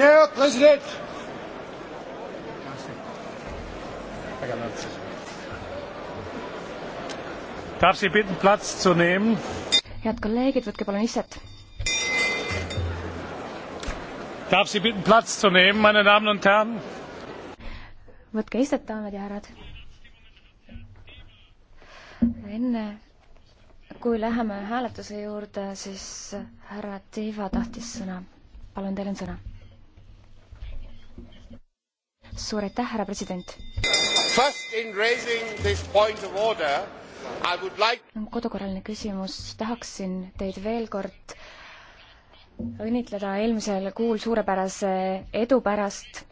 Herr Präsident! Darf Sie bitten, Platz zu nehmen? Head kolleegid, võtke palun istet. Darf Sie bitten, Platz zu nehmen, meine Damen und Herren? Võtke istet, daamid ja härrad. Enne kui läheme hääletuse juurde, siis härra Tiiva tahtis sõna. Palun, teil on sõna suur aitäh, härra president! Like... Nagu kodukorraline küsimus, tahaksin teid veel kord õnnitleda eelmisel kuul suurepärase edu pärast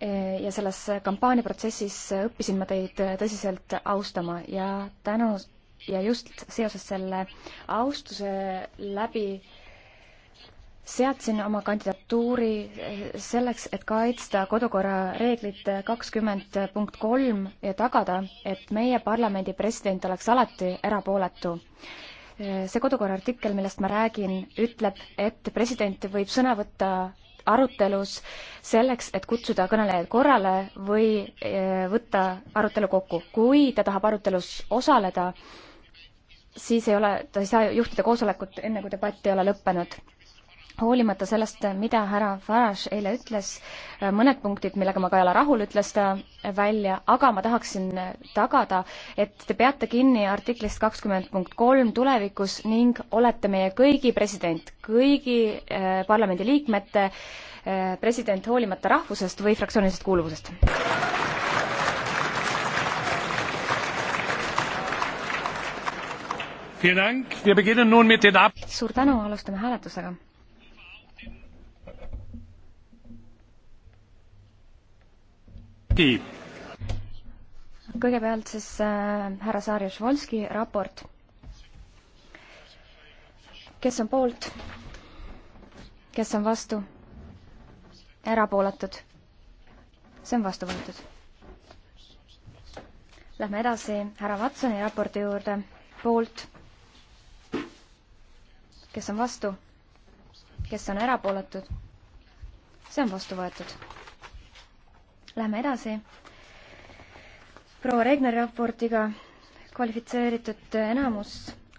e, ja selles kampaaniaprotsessis õppisin ma teid tõsiselt austama ja tänu ja just seoses selle austuse läbi seadsin oma kandidatuuri eh, selleks, et kaitsta kodukorra reeglit kakskümmend punkt kolm ja tagada, et meie parlamendi president oleks alati erapooletu. Eh, see kodukorra artikkel, millest ma räägin, ütleb, et president võib sõna võtta arutelus selleks, et kutsuda kõnelejaid korrale või eh, võtta arutelu kokku. kui ta tahab arutelus osaleda, siis ei ole, ta ei saa juhtida koosolekut enne, kui debatt ei ole lõppenud hoolimata sellest, mida härra Farage eile ütles, mõned punktid, millega ma ka ei ole rahul, ütles ta välja, aga ma tahaksin tagada, et te peate kinni artiklist kakskümmend punkt kolm tulevikus ning olete meie kõigi president, kõigi äh, parlamendiliikmete äh, president, hoolimata rahvusest või fraktsioonilisest kuuluvusest. suur tänu, alustame hääletusega kõigepealt siis äh, härra Saarjus Volski raport. kes on poolt? kes on vastu? erapooletud? see on vastu võetud. Lähme edasi härra Watsoni raporti juurde. poolt? kes on vastu? kes on erapooletud? see on vastu võetud Läheme edasi. proua Regneri raportiga kvalifitseeritud enamus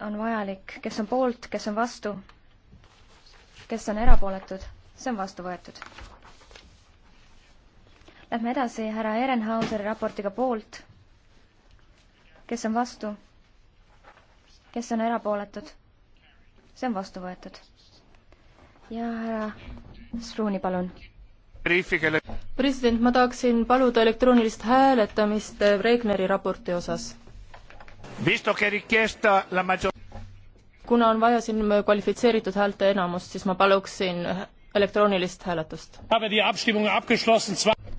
on vajalik, kes on poolt, kes on vastu, kes on erapooletud, see on vastu võetud. Lähme edasi härra Ehrenhauseri raportiga poolt, kes on vastu, kes on erapooletud, see on vastu võetud. ja härra Spruuni, palun president, ma tahaksin paluda elektroonilist hääletamist Regneri raporti osas. kuna on vaja siin kvalifitseeritud häälte enamust, siis ma paluksin elektroonilist hääletust.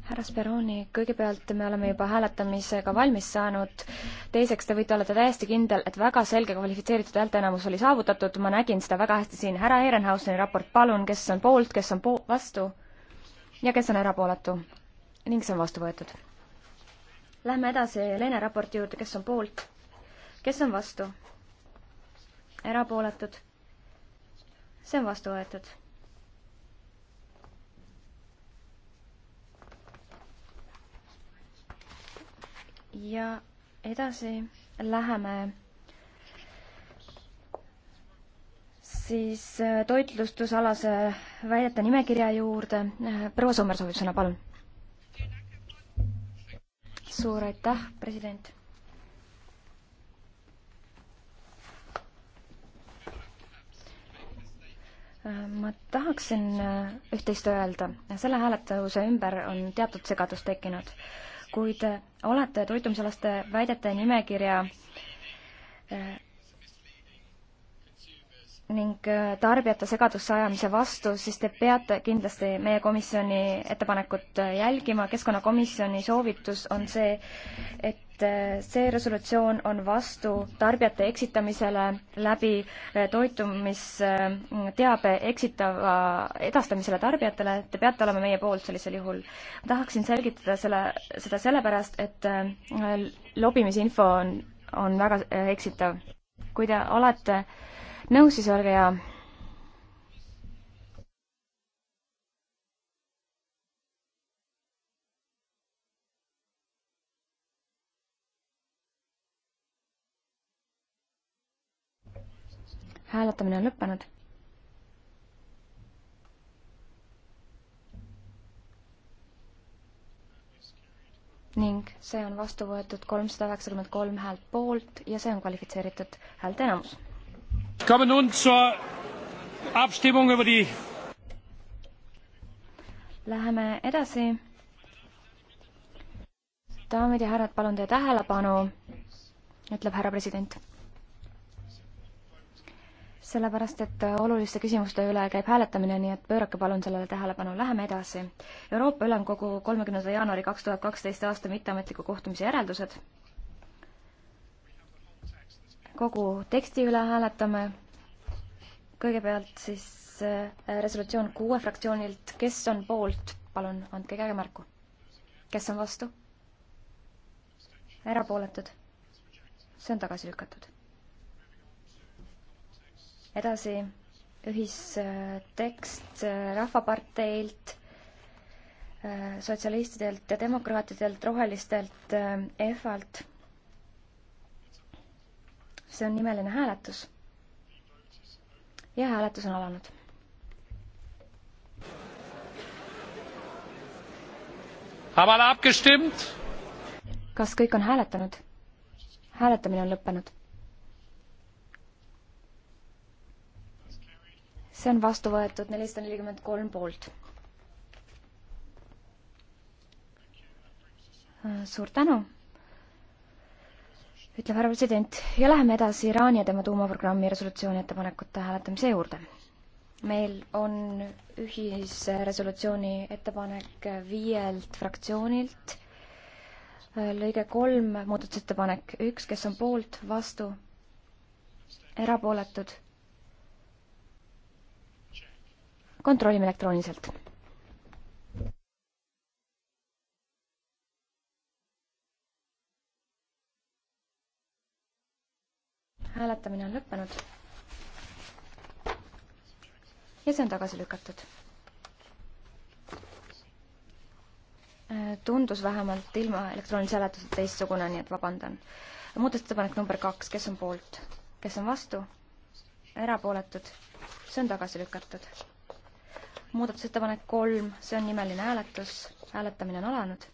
härra Speroni, kõigepealt me oleme juba hääletamisega valmis saanud, teiseks te võite olla täiesti kindel, et väga selge kvalifitseeritud häälteenamus oli saavutatud, ma nägin seda väga hästi siin, härra Ehrenhauseni raport, palun, kes on poolt, kes on po-, vastu? ja kes on erapooletu ning see on vastu võetud. Lähme edasi Leene raporti juurde, kes on poolt, kes on vastu, erapooletud, see on vastu võetud. ja edasi läheme siis äh, toitlustusalase väidete nimekirja juurde. Äh, proua Sommer soovib sõna, palun. suur aitäh, president. Äh, ma tahaksin üht-teist öelda. selle hääletuse ümber on teatud segadus tekkinud, kuid olete toitumisalaste väidete nimekirja ning äh, tarbijate segadusse ajamise vastu, siis te peate kindlasti meie komisjoni ettepanekut äh, jälgima. keskkonnakomisjoni soovitus on see, et äh, see resolutsioon on vastu tarbijate eksitamisele läbi toitumisteabe eksitava edastamisele tarbijatele. Te peate olema meie poolt sellisel juhul. tahaksin selgitada selle, seda sellepärast, et lobimisinfo on, on väga eksitav. kui te olete äh, nõus, siis olge hea. hääletamine on lõppenud. ning see on vastu võetud kolmsada üheksakümmend kolm häält poolt ja see on kvalifitseeritud häälteenamus Läheme edasi. daamid ja härrad, palun teie tähelepanu, ütleb härra president. sellepärast, et oluliste küsimuste üle käib hääletamine, nii et pöörake palun sellele tähelepanu, läheme edasi. Euroopa Ülemkogu kolmekümnenda jaanuari kaks tuhat kaksteist aasta mitteametliku kohtumise järeldused kogu teksti üle hääletame. kõigepealt siis äh, resolutsioon kuue fraktsioonilt, kes on poolt, palun andke käega märku. kes on vastu? erapooletud? see on tagasi lükatud. edasi ühistekst äh, Rahvaparteilt, äh, sotsialistidelt ja demokraatidelt, rohelistelt, EFA-lt see on nimeline hääletus. ja hääletus on alanud. kas kõik on hääletanud? hääletamine on lõppenud. see on vastu võetud nelisada nelikümmend kolm poolt. suur tänu ütleb härra president ja läheme edasi Iraani ja tema tuumaprogrammi resolutsiooni ettepanekute hääletamise juurde. meil on ühisresolutsiooni ettepanek viielt fraktsioonilt. lõige kolm, muudatusettepanek üks, kes on poolt, vastu, erapooletud. kontrollime elektrooniliselt hääletamine on lõppenud. ja see on tagasi lükatud. Äh, tundus vähemalt ilma elektroonilise hääletuseta teistsugune, nii et vabandan. muudatusettepanek number kaks, kes on poolt, kes on vastu, erapooletud, see on tagasi lükatud. muudatusettepanek kolm, see on nimeline hääletus, hääletamine on alanud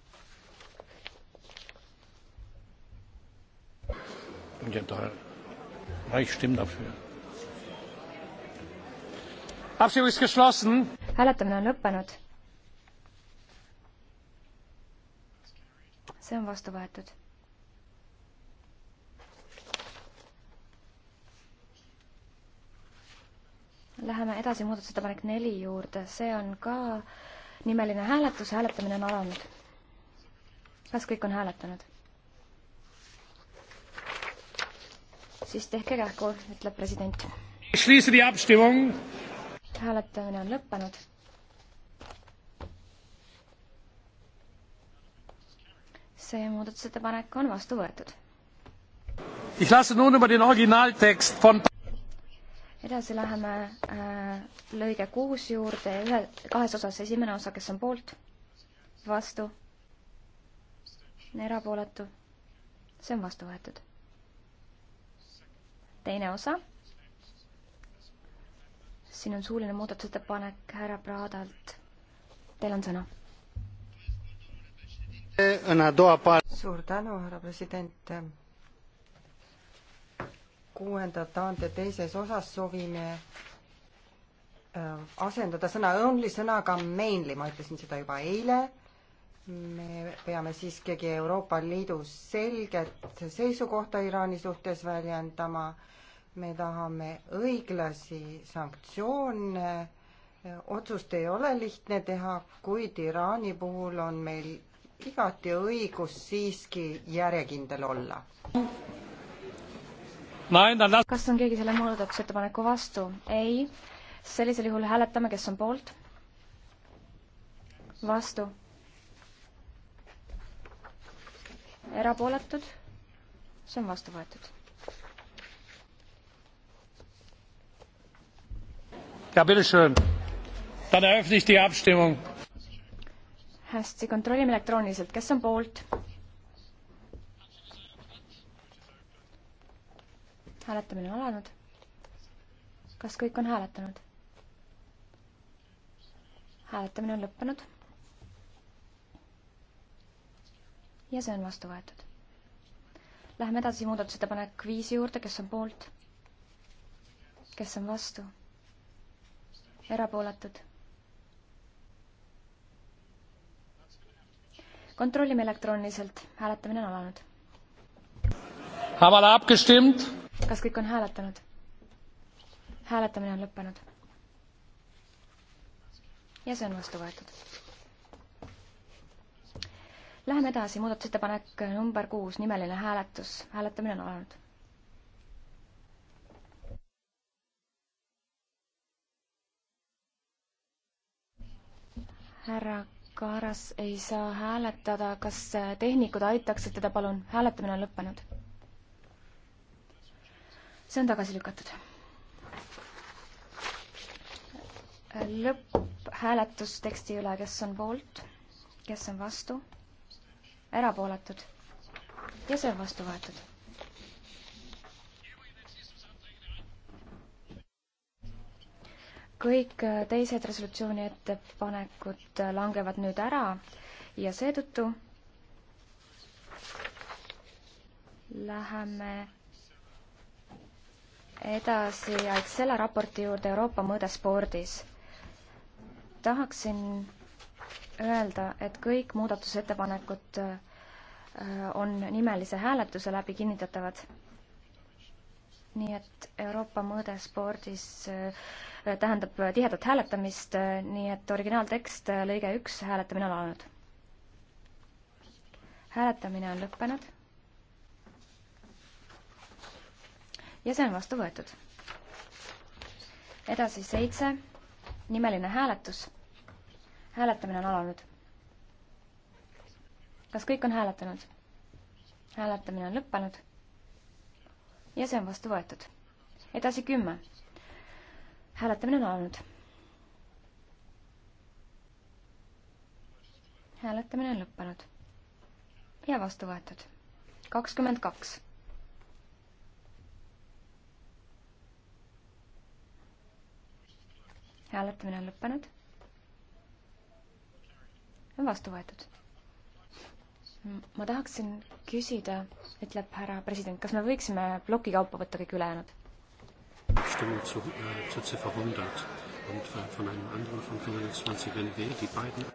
Dzień dobry hääletamine on lõppenud. see on vastu võetud. Läheme edasi muudatusettepanek neli juurde, see on ka nimeline hääletus, hääletamine on alanud. kas kõik on hääletanud? siis tehke kähku, ütleb president. hääletamine on lõppenud. see muudatusettepanek on vastu võetud. edasi läheme äh, lõige kuus juurde ühe, kahes osas, esimene osa, kes on poolt, vastu, erapooletu, see on vastu võetud teine osa. siin on suuline muudatusettepanek härra Pradalt. Teil on sõna. suur tänu, härra president. kuuenda taande teises osas soovime äh, asendada sõna only sõnaga mainly, ma ütlesin seda juba eile me peame siiski Euroopa Liidus selget seisukohta Iraani suhtes väljendama me tahame õiglasi sanktsioone, otsust ei ole lihtne teha, kuid Iraani puhul on meil igati õigus siiski järjekindel olla. kas on keegi selle muudatusettepaneku vastu? ei. sellisel juhul hääletame, kes on poolt. vastu. erapooletud? see on vastu võetud hästi, kontrollime elektrooniliselt, kes on poolt? hääletamine on alanud. kas kõik on hääletanud? hääletamine on lõppenud. ja see on vastu võetud. Läheme edasi muudatusettepanek viisi juurde, kes on poolt? kes on vastu? erapooletud. kontrollime elektrooniliselt, hääletamine on alanud. kas kõik on hääletanud? hääletamine on lõppenud. ja see on vastu võetud. Läheme edasi, muudatusettepanek number kuus, nimeline hääletus, hääletamine on alanud härra Kaaras ei saa hääletada, kas tehnikud aitaksid teda, palun, hääletamine on lõppenud. see on tagasi lükatud. lõpphääletus teksti üle, kes on poolt, kes on vastu, erapooletud ja see on vastu võetud kõik äh, teised resolutsiooni ettepanekud äh, langevad nüüd ära ja seetõttu läheme edasi Excela raporti juurde Euroopa mõõde spordis. tahaksin öelda, et kõik muudatusettepanekud äh, on nimelise hääletuse läbi kinnitatavad nii et Euroopa mõõde spordis äh, tähendab äh, tihedat hääletamist, äh, nii et originaaltekst, lõige üks, hääletamine on alanud. hääletamine on lõppenud. ja see on vastu võetud. edasi seitse, nimeline hääletus. hääletamine on alanud. kas kõik on hääletanud? hääletamine on lõppenud ja see on vastu võetud. edasi kümme. hääletamine on alanud. hääletamine on lõppenud ja vastu võetud. kakskümmend kaks. hääletamine on lõppenud. on vastu võetud ma tahaksin küsida, ütleb härra president, kas me võiksime ploki kaupa võtta kõik ülejäänud? Stimmung zu, äh, zu Ziffer 100 und äh, von einem anderen von 25 NW, die beiden.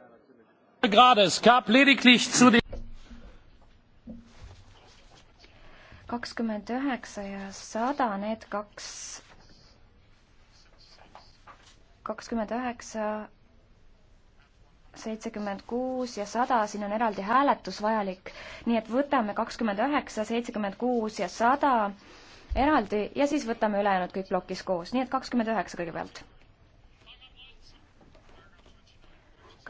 Gerade, es gab lediglich zu den kakskümmend üheksa ja sada, need kaks, kakskümmend üheksa seitsekümmend kuus ja sada, siin on eraldi hääletus vajalik. nii et võtame kakskümmend üheksa, seitsekümmend kuus ja sada eraldi ja siis võtame ülejäänud kõik plokis koos, nii et kakskümmend üheksa kõigepealt.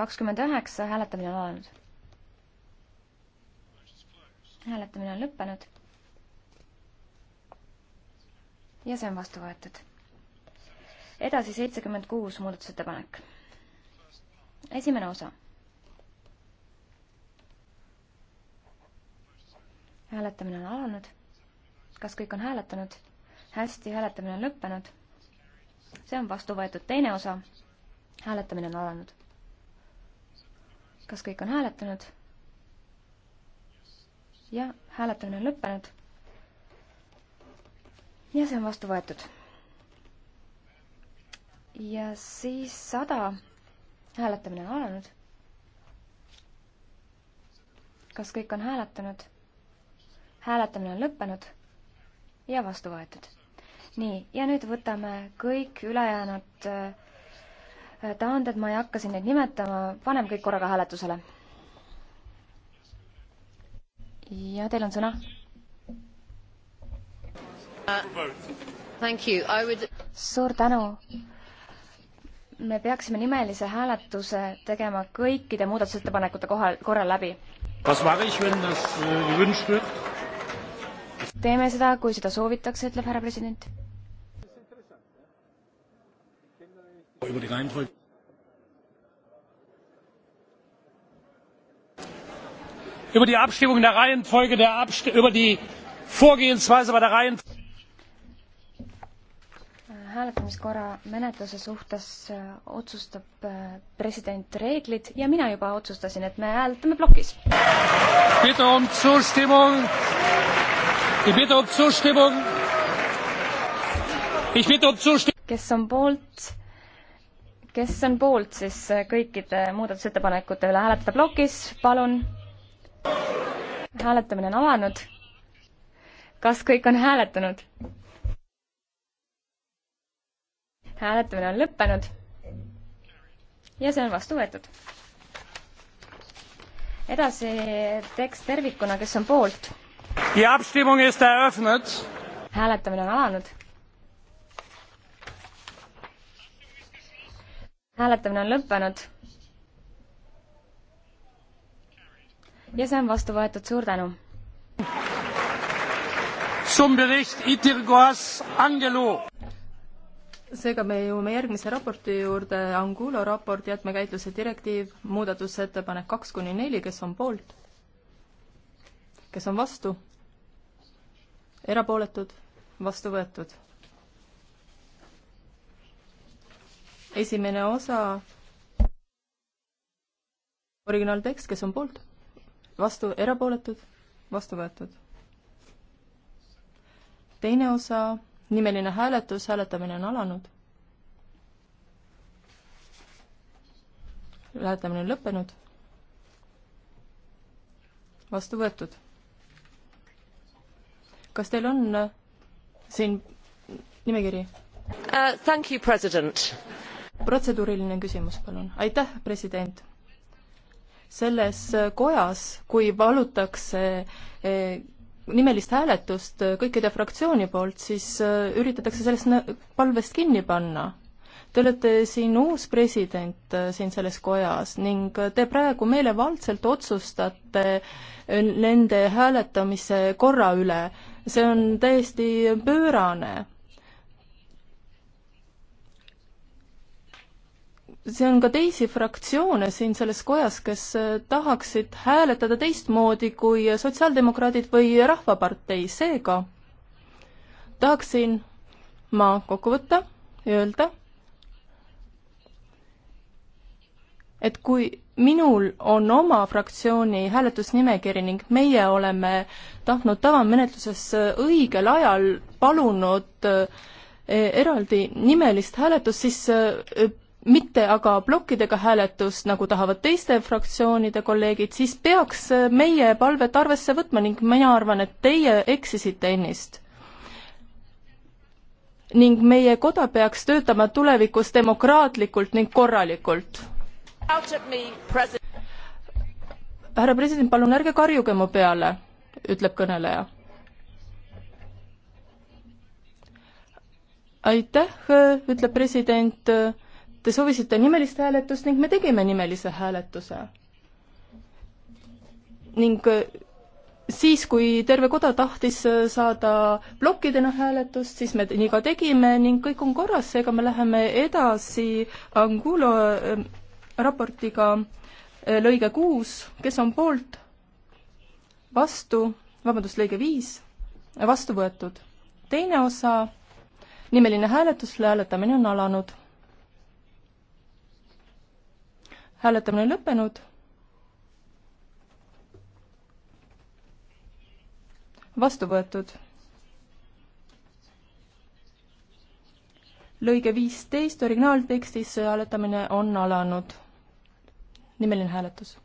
kakskümmend üheksa, hääletamine on alanud. hääletamine on lõppenud. ja see on vastu võetud. edasi seitsekümmend kuus muudatusettepanek esimene osa. hääletamine on alanud. kas kõik on hääletanud? hästi, hääletamine on lõppenud. see on vastu võetud teine osa. hääletamine on alanud. kas kõik on hääletanud? ja hääletamine on lõppenud. ja see on vastu võetud. ja siis sada hääletamine on alanud. kas kõik on hääletanud? hääletamine on lõppenud ja vastu võetud. nii, ja nüüd võtame kõik ülejäänud äh, taanded, ma ei hakka siin neid nimetama, paneme kõik korraga hääletusele. ja teil on sõna uh,. Would... suur tänu me peaksime nimelise hääletuse tegema kõikide muudatusettepanekute kohal, korra läbi. Äh, teeme seda, kui seda soovitakse, ütleb härra president. über die Abstimmung der Reihenfolge der Abst über die Vorgehensweise bei der Reihenfolge hääletamiskorra menetluse suhtes äh, otsustab äh, president reeglid ja mina juba otsustasin, et me hääletame plokis. Um um um kes on poolt, kes on poolt siis äh, kõikide muudatusettepanekute üle hääletada plokis, palun. hääletamine on alanud. kas kõik on hääletanud? hääletamine on lõppenud ja see on vastu võetud. edasi tekst tervikuna, kes on poolt? hääletamine on alanud. hääletamine on lõppenud. ja see on vastu võetud, suur tänu. Zum Bericht Itirgoas Angelo seega me jõuame järgmise raporti juurde, Angulo raport, jäätmekäitluse direktiiv, muudatusettepanek kaks kuni neli, kes on poolt? kes on vastu? erapooletud? vastu võetud? esimene osa, originaaltekst, kes on poolt? vastu, erapooletud? vastu võetud. teine osa nimeline hääletus, hääletamine on alanud. hääletamine on lõppenud. vastu võetud. kas teil on äh, siin nimekiri uh,? Thank you, president. protseduuriline küsimus, palun. aitäh, president selles äh, kojas, kui valutakse äh, nimelist hääletust kõikide fraktsiooni poolt, siis äh, üritatakse sellest palvest kinni panna. Te olete siin uus president äh, siin selles kojas ning te praegu meelevaldselt otsustate äh, nende hääletamise korra üle. see on täiesti pöörane see on ka teisi fraktsioone siin selles kojas, kes äh, tahaksid hääletada teistmoodi kui sotsiaaldemokraadid või Rahvapartei, seega tahaksin ma kokku võtta ja öelda, et kui minul on oma fraktsiooni hääletusnimekiri ning meie oleme tahtnud tavamenetluses äh, õigel ajal palunud äh, eraldi nimelist hääletust, siis mitte aga plokkidega hääletust, nagu tahavad teiste fraktsioonide kolleegid, siis peaks meie palvet arvesse võtma ning mina arvan, et teie eksisite ennist. ning meie koda peaks töötama tulevikus demokraatlikult ning korralikult. härra president, palun ärge karjuge mu peale, ütleb kõneleja aitäh, ütleb president te soovisite nimelist hääletust ning me tegime nimelise hääletuse. ning äh, siis, kui terve koda tahtis äh, saada plokkidena hääletust, siis me nii ka tegime ning kõik on korras, seega me läheme edasi Angulo äh, raportiga lõige kuus, kes on poolt, vastu, vabandust, lõige viis, vastu võetud. teine osa, nimeline hääletus, hääletamine on alanud hääletamine on lõppenud. vastu võetud. lõige viisteist originaaltekstis hääletamine on alanud. nimeline hääletus.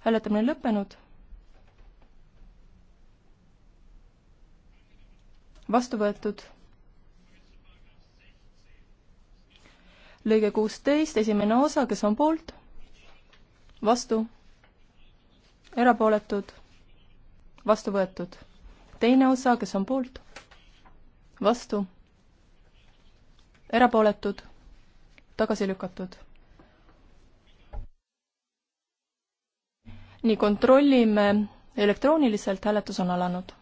hääletamine on lõppenud. vastu võetud lõige kuusteist, esimene osa, kes on poolt? vastu? erapooletud? vastu võetud. teine osa, kes on poolt? vastu? erapooletud? tagasi lükatud? nii, kontrollime elektrooniliselt, hääletus on alanud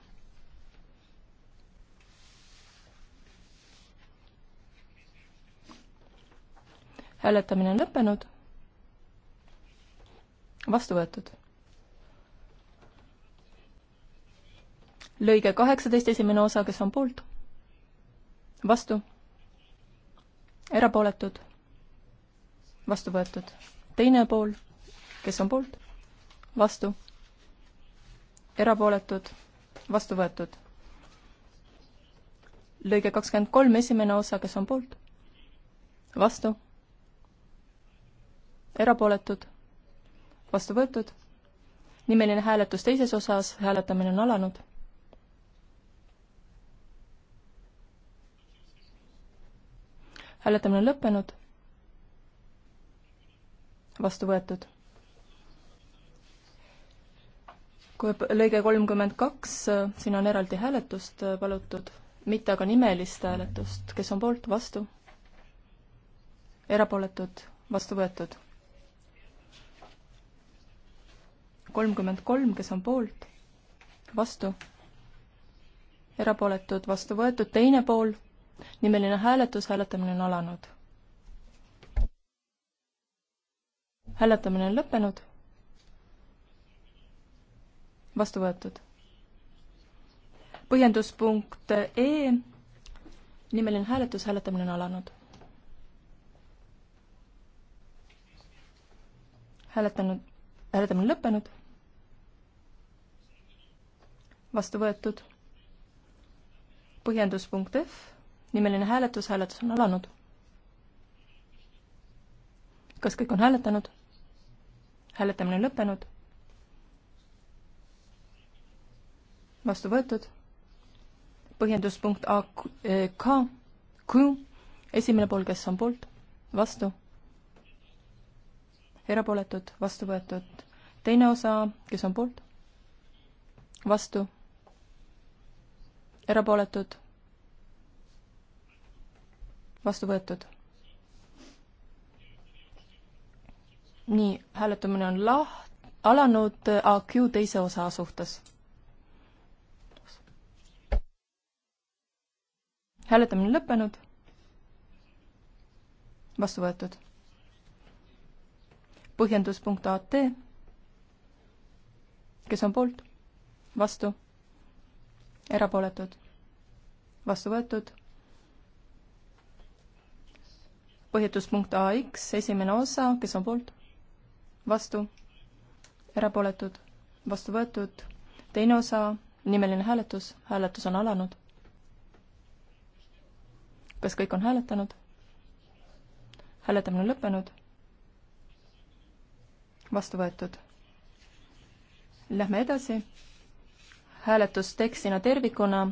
hääletamine on lõppenud. vastu võetud. lõige kaheksateist, esimene osa, kes on poolt? vastu? erapooletud? vastu võetud. teine pool, kes on poolt? vastu? erapooletud? vastu võetud. lõige kakskümmend kolm, esimene osa, kes on poolt? vastu erapooletud, vastu võetud, nimeline hääletus teises osas, hääletamine on alanud. hääletamine on lõppenud, vastu võetud. kui lõige kolmkümmend kaks, siin on eraldi hääletust palutud, mitte aga nimelist hääletust, kes on poolt, vastu, erapooletud, vastu võetud kolmkümmend kolm, kes on poolt, vastu, erapooletud, vastu võetud, teine pool, nimeline hääletus, hääletamine on alanud. hääletamine on lõppenud, vastu võetud. põhjenduspunkt E, nimeline hääletus, hääletamine on alanud. hääletanud, hääletamine lõppenud vastu võetud. põhjenduspunkt F, nimeline hääletus, hääletus on alanud. kas kõik on hääletanud? hääletamine on lõppenud. vastu võetud. põhjenduspunkt A eh, K, Q, esimene pool, kes on poolt, vastu, erapooletud, vastu võetud. teine osa, kes on poolt, vastu erapooletud, vastu võetud. nii, hääletamine on lah-, alanud AQ teise osa suhtes. hääletamine lõppenud, vastu võetud. põhjendus punkt AT, kes on poolt, vastu erapooletud, vastu võetud. põhjenduspunkt AX, esimene osa, kes on poolt, vastu, erapooletud, vastu võetud, teine osa, nimeline hääletus, hääletus on alanud. kas kõik on hääletanud? hääletamine on lõppenud. vastu võetud. Lähme edasi hääletus tekstina tervikuna.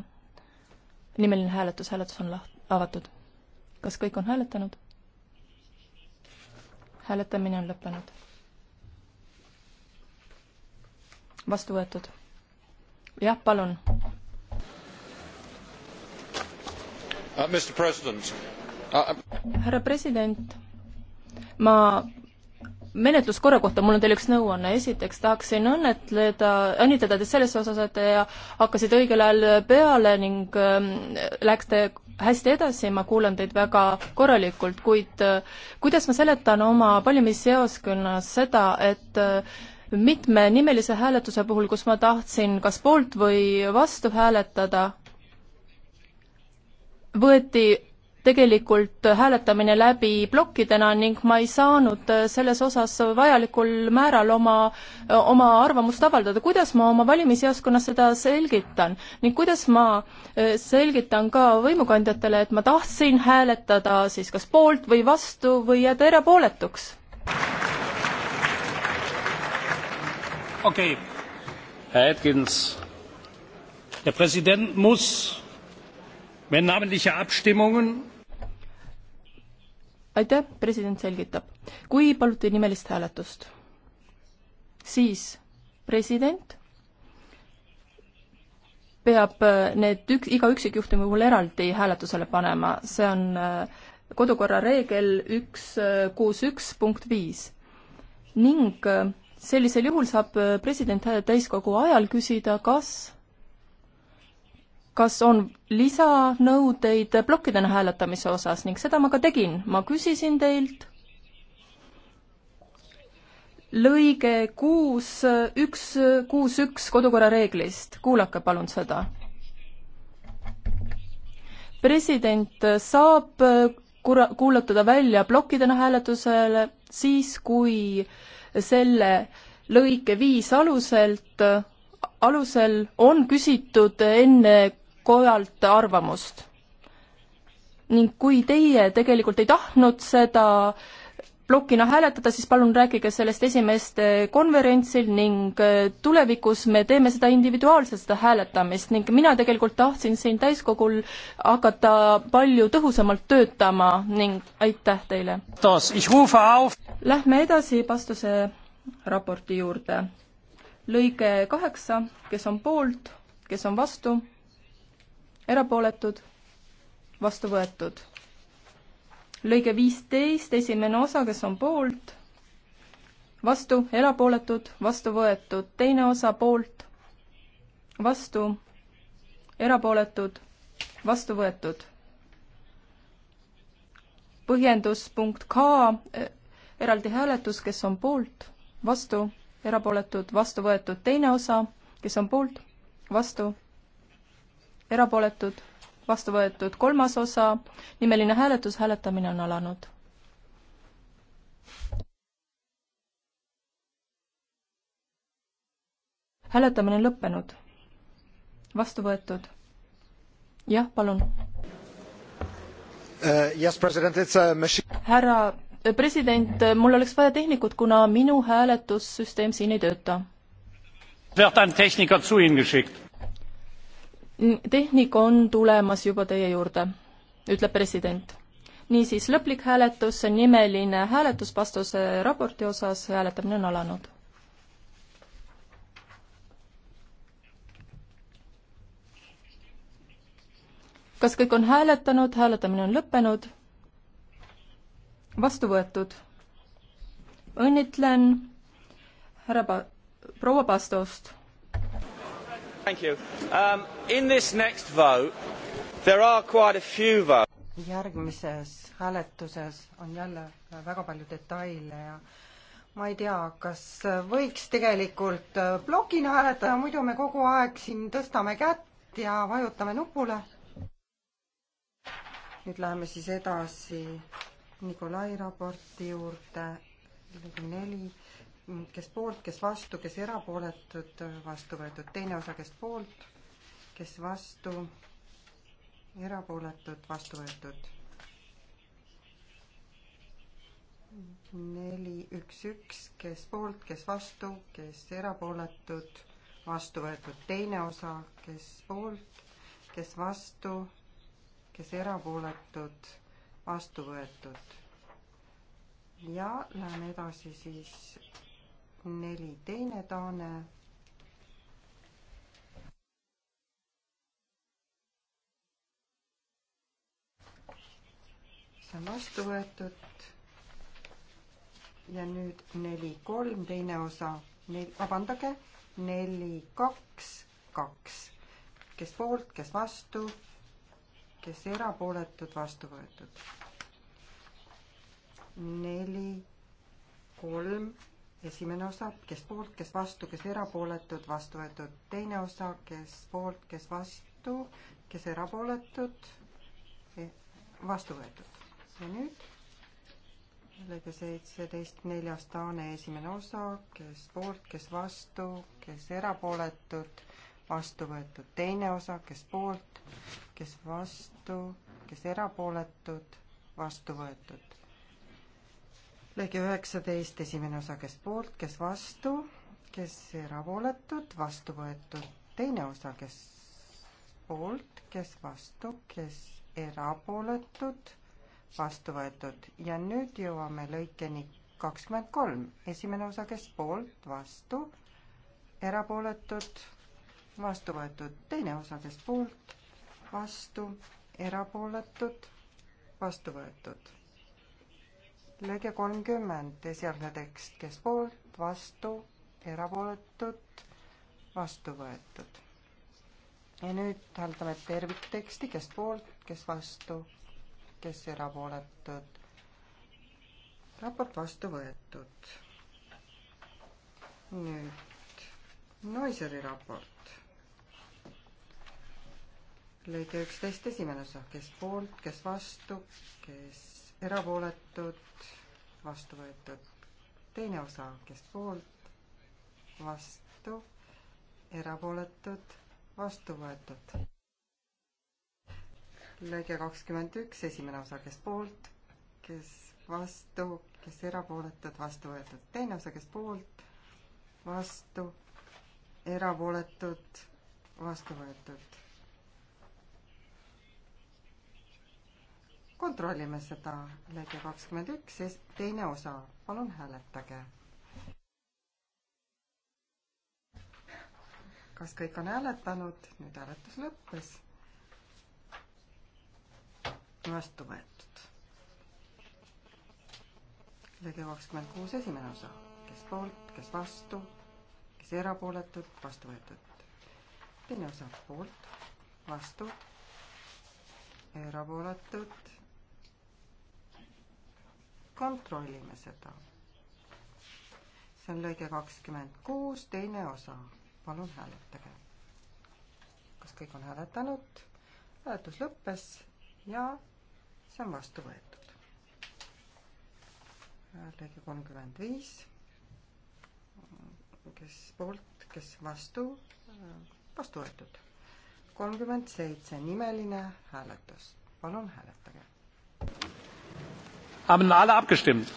nimeline hääletus, hääletus on laht-, avatud. kas kõik on hääletanud? hääletamine on lõppenud. vastu võetud. jah, palun. Uh, uh, härra president uh,, uh... ma menetluskorra kohta mul on teile üks nõuanne, esiteks tahaksin õnnetleda, õnnitleda teid selles osas, et te hakkasite õigel ajal peale ning ähm, läksite hästi edasi, ma kuulan teid väga korralikult, kuid äh, kuidas ma seletan oma valimisjaoskonnas seda, et äh, mitmenimelise hääletuse puhul, kus ma tahtsin kas poolt või vastu hääletada, võeti tegelikult hääletamine läbi plokkidena ning ma ei saanud selles osas vajalikul määral oma, oma arvamust avaldada, kuidas ma oma valimisjaoskonnas seda selgitan ning kuidas ma e, selgitan ka võimukandjatele, et ma tahtsin hääletada siis kas poolt või vastu või jääda erapooletuks. okei okay., härra Atkins, der president muss wenn namentliche abstimmungen aitäh, president selgitab. kui paluti nimelist hääletust, siis president peab äh, need ük-, iga üksikjuhtumi puhul eraldi hääletusele panema, see on äh, kodukorra reegel üks äh, kuus üks punkt viis. ning sellisel juhul saab president täiskogu ajal küsida, kas kas on lisanõudeid plokkidena hääletamise osas ning seda ma ka tegin, ma küsisin teilt lõige kuus, üks, kuus, üks kodukorra reeglist, kuulake palun seda. president saab kura-, kuulutada välja plokkidena hääletusele siis, kui selle lõike viis aluselt, alusel on küsitud enne kojalt arvamust. ning kui teie tegelikult ei tahtnud seda plokina hääletada, siis palun rääkige sellest esimeste konverentsil ning äh, tulevikus me teeme seda individuaalselt, seda hääletamist ning mina tegelikult tahtsin siin täiskogul hakata palju tõhusamalt töötama ning aitäh teile. Lähme edasi vastuse raporti juurde. lõige kaheksa, kes on poolt, kes on vastu erapooletud, vastu võetud. lõige viisteist, esimene osa, kes on poolt, vastu, erapooletud, vastu võetud, teine osa poolt, vastu, erapooletud, vastu võetud. põhjendus punkt K, eraldi hääletus, kes on poolt, vastu, erapooletud, vastu võetud, teine osa, kes on poolt, vastu, erapooletud, vastu võetud. kolmas osa, nimeline hääletus, hääletamine on alanud. hääletamine on lõppenud. vastu võetud. jah, palun uh,. Yes, härra eh, president, eh, mul oleks vaja tehnikut, kuna minu hääletussüsteem siin ei tööta. wird ein Techniker zu Ihnen geschickt? tehnik on tulemas juba teie juurde, ütleb president. niisiis, lõplik hääletus, nimeline hääletus vastuse raporti osas, hääletamine on alanud. kas kõik on hääletanud, hääletamine on lõppenud? vastu võetud. õnnitlen härra pa-, proua Pastost Um, järgmises hääletuses on jälle väga palju detaile ja ma ei tea, kas võiks tegelikult plokina hääletada, muidu me kogu aeg siin tõstame kätt ja vajutame nupule. nüüd läheme siis edasi Nikolai raporti juurde, lõige neli kes poolt, kes vastu, kes erapooletud, vastu võetud, teine osa, kes poolt, kes vastu, erapooletud, vastu võetud. neli, üks, üks, kes poolt, kes vastu, kes erapooletud, vastu võetud, teine osa, kes poolt, kes vastu, kes erapooletud, vastu võetud. ja läheme edasi siis neli teine taane see on vastu võetud. ja nüüd neli, kolm, teine osa, neli, vabandage, neli, kaks, kaks. kes poolt, kes vastu, kes erapooletud, vastu võetud. neli, kolm, esimene osa, kes poolt, kes vastu, kes erapooletud, vastu võetud. teine osa, kes poolt, kes vastu, kes erapooletud, e, vastu võetud. ja nüüd lõige seitseteist, neljas Taane esimene osa, kes poolt, kes vastu, kes erapooletud, vastu võetud. teine osa, kes poolt, kes vastu, kes erapooletud, vastu võetud lõige üheksateist, esimene osa, kes poolt, kes vastu, kes erapooletud, vastu võetud. teine osa, kes poolt, kes vastu, kes erapooletud, vastu võetud. ja nüüd jõuame lõikeni kakskümmend kolm, esimene osa, kes poolt, vastu, erapooletud, vastu võetud. teine osa, kes poolt, vastu, erapooletud, vastu võetud lõige kolmkümmend, esialgne tekst, kes poolt, vastu, erapooletud, vastu võetud. ja nüüd hääldame tervikteksti, kes poolt, kes vastu, kes erapooletud. raport vastu võetud. nüüd Noiseri raport. lõige üksteist, esimene osa, kes poolt, kes vastu, kes erapooletud, vastu võetud. teine osa, kes poolt, vastu, erapooletud, vastu võetud. lõige kakskümmend üks, esimene osa, kes poolt, kes vastu, kes erapooletud, vastu võetud. teine osa, kes poolt, vastu, erapooletud, vastu võetud kontrollime seda, lõige kakskümmend üks, teine osa, palun hääletage. kas kõik on hääletanud, nüüd hääletus lõppes. vastu võetud. lõige kakskümmend kuus, esimene osa, kes poolt, kes vastu, kes erapooletud, vastu võetud. teine osa poolt, vastu, erapooletud kontrollime seda. see on lõige kakskümmend kuus, teine osa. palun hääletage. kas kõik on hääletanud? hääletus lõppes ja see on vastu võetud. lõige kolmkümmend viis. kes poolt, kes vastu, vastu võetud. kolmkümmend seitse, nimeline hääletus. palun hääletage Haben alle abgestimmt?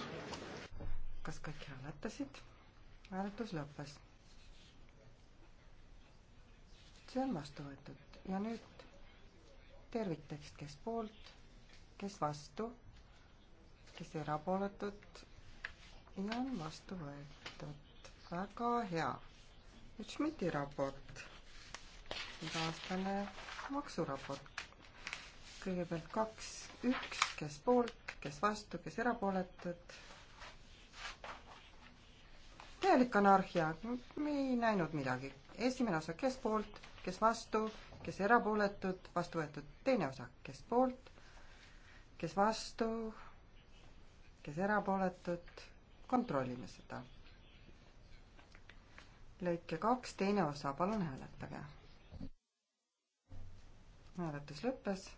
kas kõik hääletasid? hääletus lõppes. see on vastu võetud ja nüüd tervitekst, kes poolt, kes vastu, kes erapooletud ja on vastu võetud. väga hea. nüüd Schmidti raport, iga-aastane maksuraport. kõigepealt kaks, üks, kes poolt, kes vastu, kes erapooletud. täielik anarhia, me ei näinud midagi. esimene osa, kes poolt, kes vastu, kes erapooletud, vastu võetud. teine osa, kes poolt, kes vastu, kes erapooletud, kontrollime seda. lõike kaks, teine osa, palun hääletage. hääletus lõppes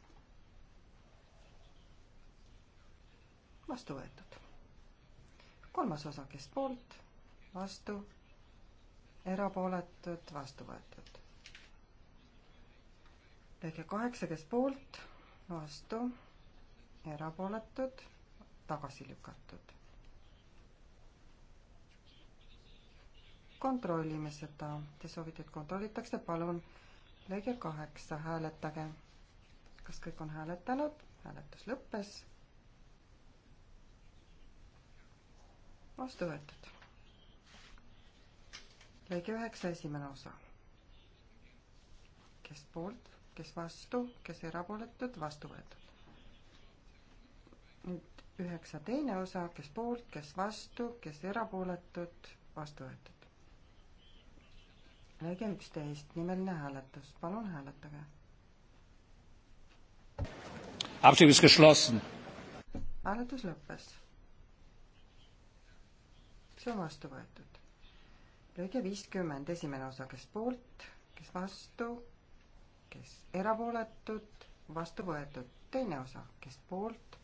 vastu võetud. kolmas osa, kes poolt, vastu, erapooletud, vastu võetud. lõige kaheksa, kes poolt, vastu, erapooletud, tagasi lükatud. kontrollime seda, te soovite, et kontrollitakse, palun lõige kaheksa, hääletage. kas kõik on hääletanud? hääletus lõppes vastu võetud. lõige üheksa, esimene osa. kes poolt, kes vastu, kes erapooletud, vastu võetud. nüüd üheksa teine osa, kes poolt, kes vastu, kes erapooletud, vastu võetud lõige üksteist, nimeline hääletus, palun hääletage. hääletus lõppes see on vastu võetud. lõige viiskümmend, esimene osa, kes poolt, kes vastu, kes erapooletud, vastu võetud. teine osa, kes poolt,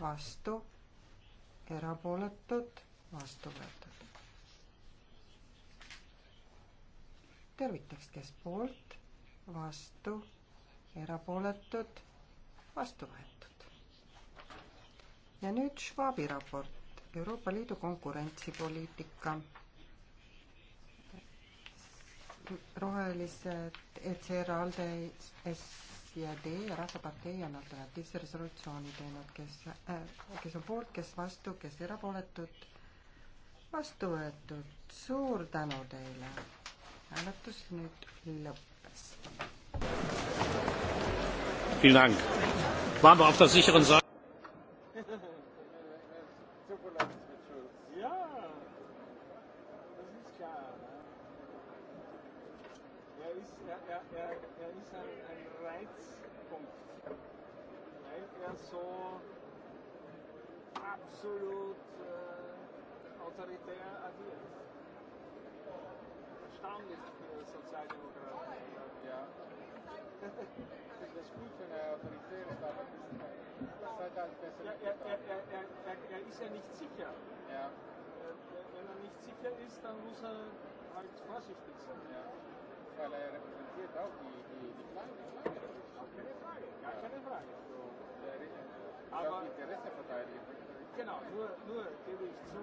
vastu, erapooletud, vastu võetud. tervitaks, kes poolt, vastu, erapooletud, vastu võetud. ja nüüd Schwabi raport. Euroopa Liidu konkurentsipoliitika. rohelised, ECR, ALDE, S ja D ja Rahvapartei on alternatiivse resolutsiooni teinud, kes äh,, kes on poolt, kes vastu, kes erapooletud, vastu võetud. suur tänu teile. hääletus nüüd lõppes. Vielen Dank. Waren wir auf der sicheren Seite? Sozialdemokraten gesagt, ja. Das gut, wenn er autoritäres Arbeiten ist. Das hat halt besser. Ja, er, er, er, er, er, er ist ja nicht sicher. Ja. Wenn er nicht sicher ist, dann muss er halt vorsichtig sein. Ja. Weil er repräsentiert auch die, die, die kleinen Kleine. Keine Frage, gar keine Frage. So, der, der Aber Interesse verteidigen. Genau, nur, nur gebe ich zu,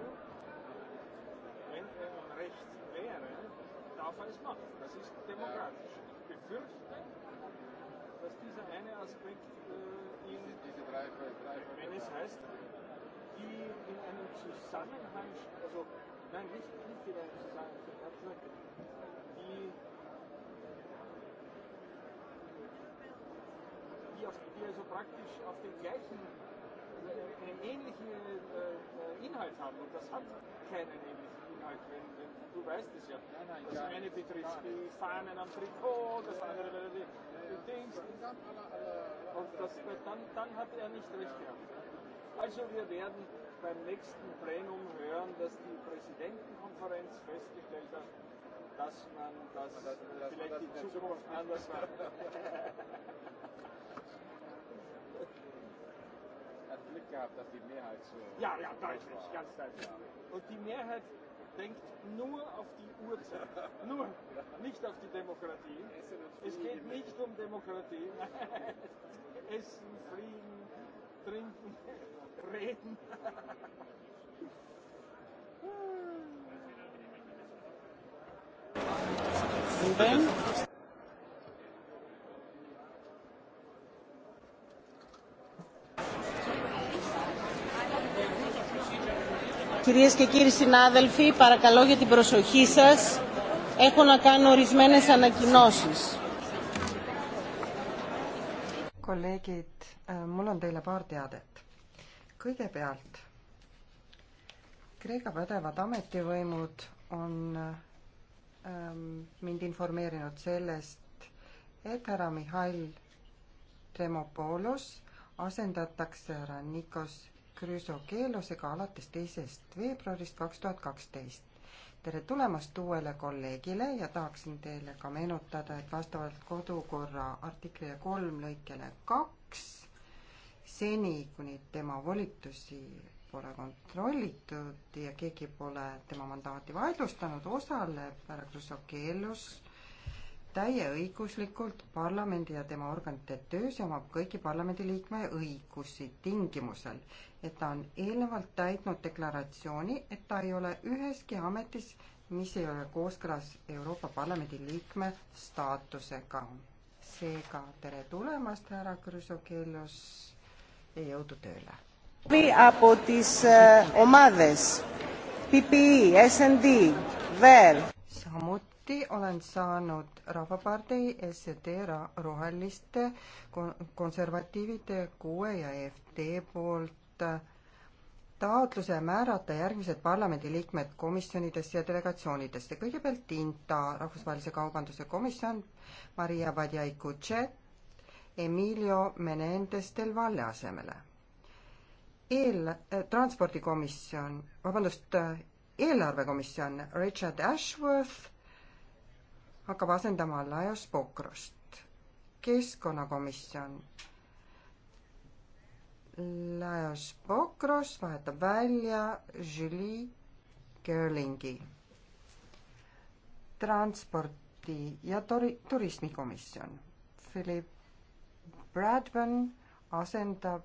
wenn er im Recht wäre, darf er es machen. Das ist demokratisch. Ich befürchte, dass dieser eine Aspekt äh, in, diese, diese drei, drei, wenn es heißt, die in einem Zusammenhang, also nein, nicht, nicht in einem Zusammenhang, ich habe gesagt, die, die, auf, die also praktisch auf den gleichen, also äh, einen ähnlichen äh, äh, Inhalt haben und das hat keinen ähnlichen Inhalt, wenn, wenn du weißt es ja. Nein, nein, das eine betrifft die Fahnen am Trikot, das andere ja, die, die ja, Dings. Und das, dann, dann hat er nicht recht gehabt. Also wir werden beim nächsten Plenum hören, dass die Präsidentenkonferenz festgestellt hat, dass man das, dass man das vielleicht das in Zukunft anders macht. Hat Glück gehabt, dass die Mehrheit so. Ja, ja, deutlich, ganz deutlich. Und die Mehrheit denkt nur auf die Uhrzeit. Nur, nicht auf die Demokratie. Es geht nicht um Demokratie. Essen, Frieden, Trinken, Reden. Und dann? Κυρίες και κύριοι συνάδελφοι, παρακαλώ για την προσοχή σας. Έχω να κάνω ορισμένες ανακοινώσεις. Kolleegid, äh, mul on teile paar teadet. Kõigepealt, Kreeka pädevad ametivõimud on ähm, mind informeerinud sellest, et härra Mihhail Tremopoulos asendatakse härra Nikos Krüsokeelosega alates teisest veebruarist kaks tuhat kaksteist. tere tulemast uuele kolleegile ja tahaksin teile ka meenutada, et vastavalt kodukorra artikli kolm lõikele kaks seni, kuni tema volitusi pole kontrollitud ja keegi pole tema mandaati vaidlustanud, osaleb härra Krüsokeelos täieõiguslikult parlamendi ja tema organite töös ja omab kõigi parlamendiliikme õigusi tingimusel, et ta on eelnevalt täitnud deklaratsiooni, et ta ei ole üheski ametis, mis ei ole kooskõlas Euroopa Parlamendi liikme staatusega. seega tere tulemast, härra Krüsokellus ja jõudu tööle! από τις ομάδες PPE, S&D, VER. Samuti samuti olen saanud Rahvapartei, SED, Roheliste, konservatiivide, QE ja EFT poolt äh, taotluse määrata järgmised parlamendiliikmed komisjonidesse ja delegatsioonidesse. kõigepealt INTA, Rahvusvahelise Kaubanduse Komisjon, Maria Vadjai-Kutšet, Emilio Menendez del Valle asemele. eel- eh,, transpordikomisjon, vabandust, äh, eelarvekomisjon Richard Ashworth hakkab asendama Lajos Pokrost. keskkonnakomisjon. Lajos Pokros vahetab välja Julie Gerlingi. transporti ja tori-, turismikomisjon. Philip Bradman asendab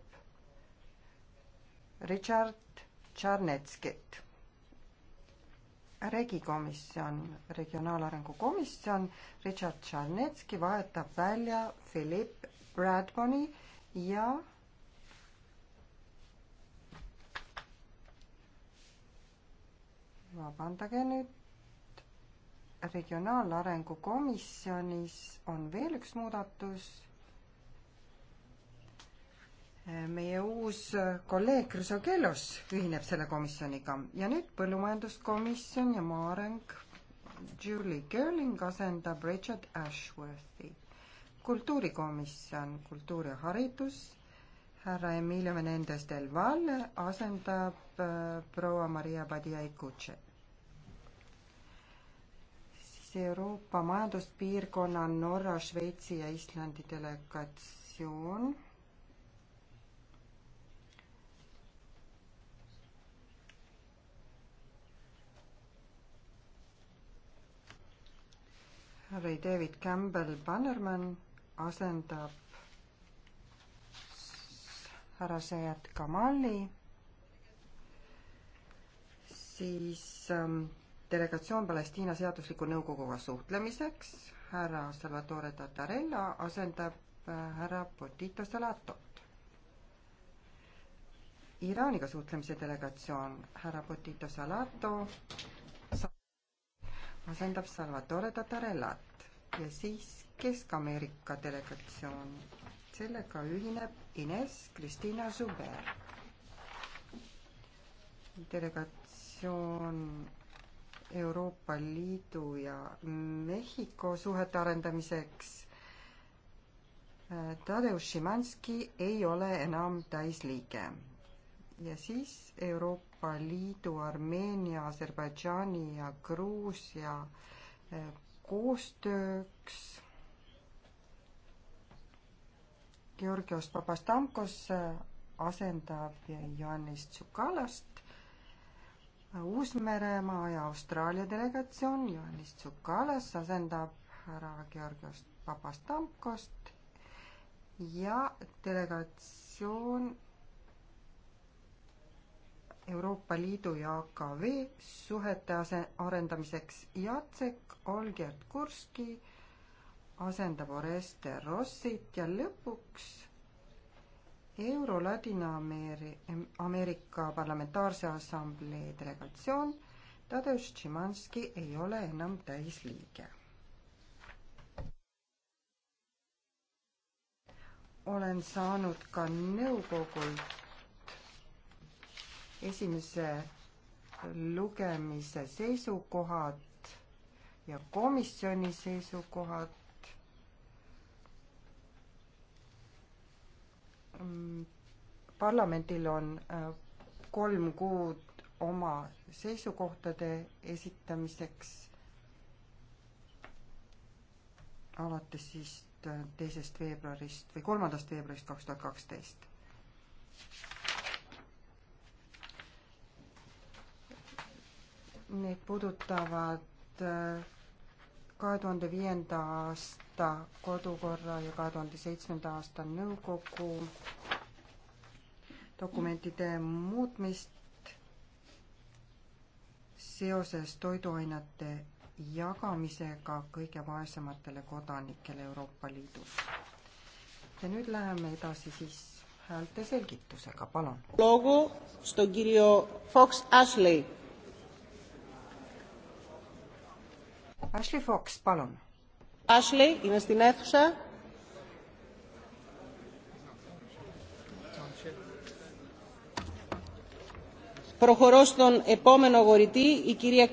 Richard Tšarnetskit regikomisjon, Regionaalarengu Komisjon, Richard Tšarnetski vahetab välja Philip Bradboni ja vabandage nüüd, Regionaalarengu Komisjonis on veel üks muudatus meie uus kolleeg Chrysogelos ühineb selle komisjoniga ja nüüd põllumajanduskomisjon ja maaareng Julie Gerling asendab Richard Ashworthi. kultuurikomisjon, kultuur ja haridus, härra Emilio Menendez del Valle asendab äh, proua Maria Badia-Ikuche. siis Euroopa Majanduspiirkonna Norra, Šveitsi ja Islandi delegatsioon Ray David Campbell Bannerman asendab härra Sejat Kamali, siis ähm, delegatsioon Palestiina seadusliku nõukoguga suhtlemiseks, härra Salvatore Tatarella asendab äh, härra Potito Salatot. Iraaniga suhtlemise delegatsioon, härra Potito Salato asendab Salvatore Tatarelat ja siis Kesk-Ameerika delegatsioon. sellega ühineb Ines Kristina Zuber. delegatsioon Euroopa Liidu ja Mehhiko suhete arendamiseks Tadeusz Szymanski ei ole enam täisliige ja siis Euroopa Liidu, Armeenia, Aserbaidžaani ja Gruusia eh, koostööks. Georgios Papastamkos eh, asendab Janis Tsukalast eh, Uus-Meremaa ja Austraalia delegatsioon Johannes Tsukalas asendab härra Georgios Papastamkost ja delegatsioon Euroopa Liidu ja AKV suhete ase-, arendamiseks. Jacek Olgert Kurski asendab Oreste Rossit ja lõpuks Euro Ladina-Ameerika Parlamentaarse Assamblee delegatsioon Tadeusz Tšimanski ei ole enam täisliige. olen saanud ka nõukogult esimese lugemise seisukohad ja komisjoni seisukohad. parlamendil on äh, kolm kuud oma seisukohtade esitamiseks alates siis äh, teisest veebruarist või kolmandast veebruarist kaks tuhat kaksteist. need puudutavad äh, kahe tuhande viienda aasta kodukorra ja kahe tuhande seitsmenda aasta nõukogu dokumentide muutmist seoses toiduainete jagamisega kõige vaesematele kodanikele Euroopa Liidus. ja nüüd läheme edasi siis häälte selgitusega, palun. loogu, Fox Ashley Ashley Fox, palun. Ashley, είναι στην αίθουσα. Προχωρώ στον επόμενο αγορητή, η κυρία